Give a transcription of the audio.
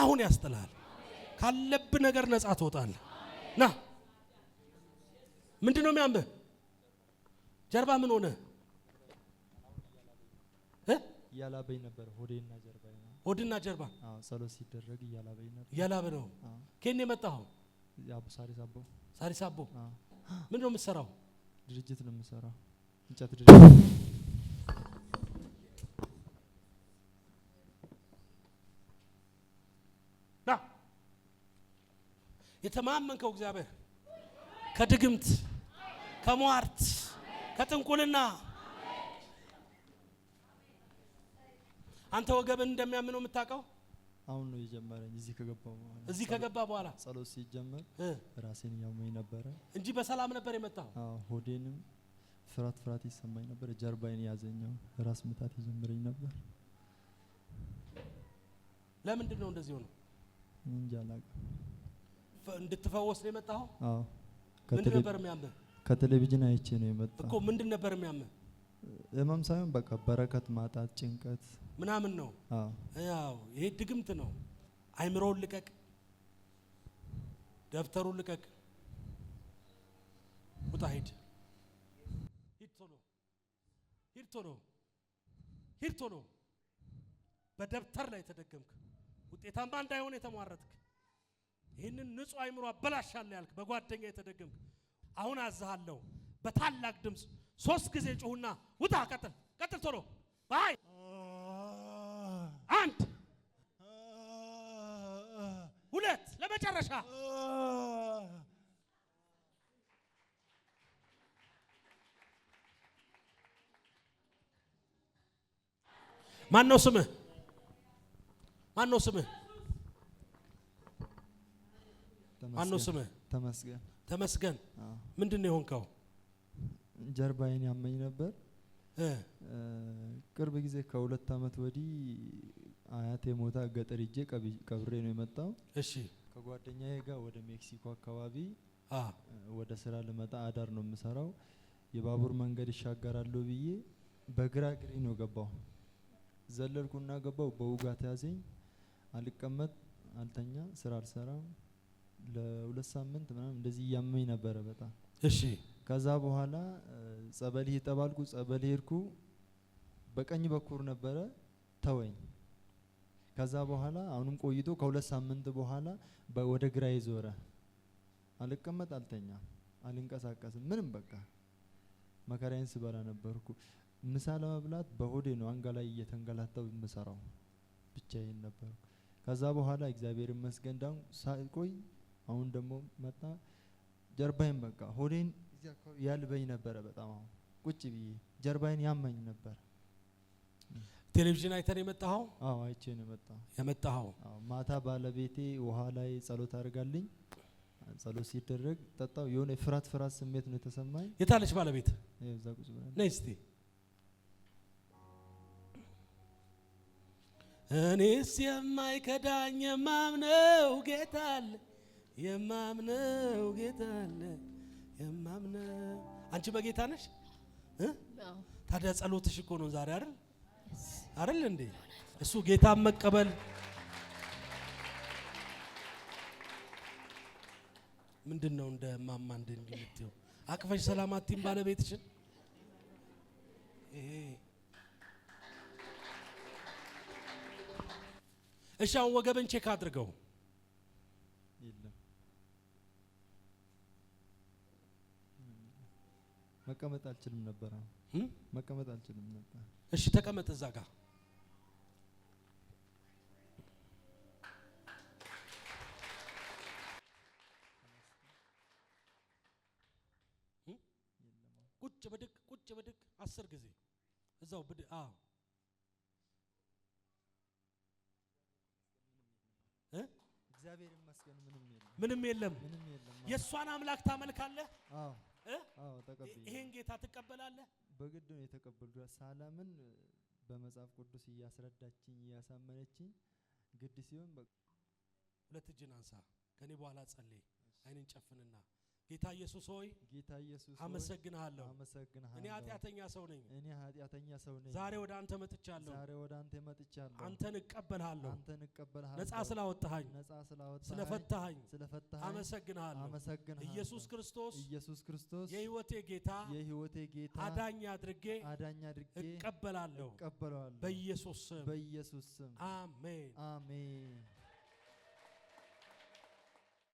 አሁን ያስጥልሃል። ካለብ ነገር ነጻ ትወጣለህ። ና ምንድን ነው የሚያምህ? ጀርባ ምን ሆነ? እያላበኝ ነበር። ሆዴና ጀርባ ሆድና ጀርባ ጸሎት ሲደረግ እያላበኝ ነበር። እያላበ ነው። ከኔ የመጣኸው ሳሪስ አቦ ሳሪስ አቦ ምንድን ነው የምትሰራው? ድርጅት ነው የምሰራው እንጨት ድርጅት የተማመንከው እግዚአብሔር ከድግምት ከሟርት ከጥንቁልና አንተ ወገብን እንደሚያምነው የምታውቀው አሁን ነው የጀመረኝ። እዚህ ከገባ በኋላ እዚህ ከገባ በኋላ ጸሎት ሲጀመር ራሴን እያመኝ ነበረ እንጂ በሰላም ነበር የመጣው። ሆዴንም ፍራት ፍራት ይሰማኝ ነበር። ጀርባይን ያዘኛው፣ ራስ ምታት የጀመረኝ ነበር። ለምንድን ነው እንደዚህ ሆነው? እንጃ አላውቅም። እንድትፈወስ ነው የመጣኸው? አዎ። ምንድን ነበር የሚያምህ? ከቴሌቪዥን አይቼ ነው የመጣው እኮ። ምንድን ነበር የሚያምህ? ህመም ሳይሆን በቃ በረከት ማጣት፣ ጭንቀት ምናምን ነው። ያው ይሄ ድግምት ነው። አይምሮውን ልቀቅ፣ ደብተሩን ልቀቅ፣ ውጣ፣ ሂድ፣ ሂድ፣ ቶሎ ሂድ፣ ቶሎ ሂድ፣ ቶሎ በደብተር ላይ ተደገምክ፣ ውጤታማ እንዳይሆን የተሟረትክ ይህንን ንጹህ አይምሮ አበላሻለሁ ያልክ በጓደኛ የተደገምክ አሁን አዝሃለሁ። በታላቅ ድምፅ ሶስት ጊዜ ጩሁና ውጣ። ቀጥል፣ ቀጥል፣ ቶሎ ባይ አንድ ሁለት፣ ለመጨረሻ ማን ነው ስምህ? ማን ነው ስምህ? ማነው ስምህ? ተመስገን። ተመስገን ምንድን ነው የሆንከው? ጀርባዬን ያመኝ ነበር። ቅርብ ጊዜ ከሁለት አመት ወዲህ አያቴ ሞታ ገጠር ሄጄ ቀብሬ ነው የመጣው። እሺ። ከጓደኛዬ ጋር ወደ ሜክሲኮ አካባቢ ወደ ስራ ልመጣ አዳር ነው የምሰራው። የባቡር መንገድ ይሻገራለሁ ብዬ በግራ ግሬ ነው ገባው። ዘለልኩና ገባው። በውጋት ያዘኝ። አልቀመጥ፣ አልተኛ፣ ስራ አልሰራም። ለሁለት ሳምንት ምናምን እንደዚህ እያመኝ ነበረ በጣም። እሺ ከዛ በኋላ ጸበል እየተባልኩ ጸበል ሄድኩ። በቀኝ በኩል ነበረ ተወኝ። ከዛ በኋላ አሁንም ቆይቶ ከሁለት ሳምንት በኋላ ወደ ግራ ዞረ። አልቀመጥ፣ አልተኛ፣ አልንቀሳቀስም ምንም በቃ መከራዬን ስበላ ነበርኩ። ምሳ ለመብላት በሆዴ ነው አንጋ ላይ እየተንገላታው የምሰራው ብቻዬን ነበርኩ። ከዛ በኋላ እግዚአብሔር ይመስገን ዳን ሳይቆይ አሁን ደግሞ መጣ ጀርባይን በቃ ሆዴን እዚያ አካባቢ ያልበኝ ነበረ። በጣም አሁን ቁጭ ብዬ ጀርባይን ያመኝ ነበር ቴሌቪዥን አይተን የመጣኸው? አዎ አይቼ ነው የመጣ የመጣኸው። ማታ ባለቤቴ ውሃ ላይ ጸሎት አድርጋልኝ፣ ጸሎት ሲደረግ ጠጣው። የሆነ ፍራት ፍራት ስሜት ነው የተሰማኝ። የታለች ባለቤት? እዛ ቁጭ ብላ ነይ እስቲ። እኔስ የማይከዳኝ የማምነው ጌታ አለ የማምነው ጌታ አለ። የማምነው አንቺ በጌታ ነሽ። ታዲያ ጸሎትሽ እኮ ነው ዛሬ አይደል አይደል እንዴ? እሱ ጌታን መቀበል ምንድን ነው? እንደ ማማ እንደምትይው አቅፈሽ ሰላማቲን ባለቤትሽን እሺ አሁን ወገብን ቼክ አድርገው። መቀመጥ አልችልም ነበር። መቀመጥ አልችልም ነበር። እሺ ተቀመጥ እዛ ጋር ቁጭ ብድግ ቁጭ ብድግ አስር ጊዜ እዛው ብድግ። አዎ እግዚአብሔር ይመስገን ምንም የለም፣ ምንም የለም። የእሷን አምላክ ታመልካለህ? አዎ አዎ ተቀበል። ይሄን ጌታ ትቀበላለህ? በግድ ነው የተቀበልኩ። ሳላምን በመጽሐፍ ቅዱስ እያስረዳችኝ እያሳመነችኝ ግድ ሲሆን ሁለት እጅን አንሳ። ከኔ በኋላ ጸልይ። አይንን ጨፍንና ጌታ ኢየሱስ ሆይ ጌታ ኢየሱስ አመሰግናለሁ አመሰግናለሁ እኔ ኃጢአተኛ ሰው ነኝ እኔ ኃጢአተኛ ሰው ነኝ። ዛሬ ወደ አንተ መጥቻለሁ ዛሬ ወደ አንተ መጥቻለሁ። አንተን እቀበልሃለሁ አንተን እቀበልሃለሁ። ነጻ ስላወጣኸኝ ነጻ ስላወጣኸኝ ስለፈታኸኝ ስለፈታኸኝ አመሰግናለሁ አመሰግናለሁ ኢየሱስ ክርስቶስ ኢየሱስ ክርስቶስ የህይወቴ ጌታ የህይወቴ ጌታ አዳኝ አድርጌ አዳኝ አድርጌ እቀበላለሁ እቀበላለሁ። በኢየሱስ ስም በኢየሱስ ስም አሜን አሜን።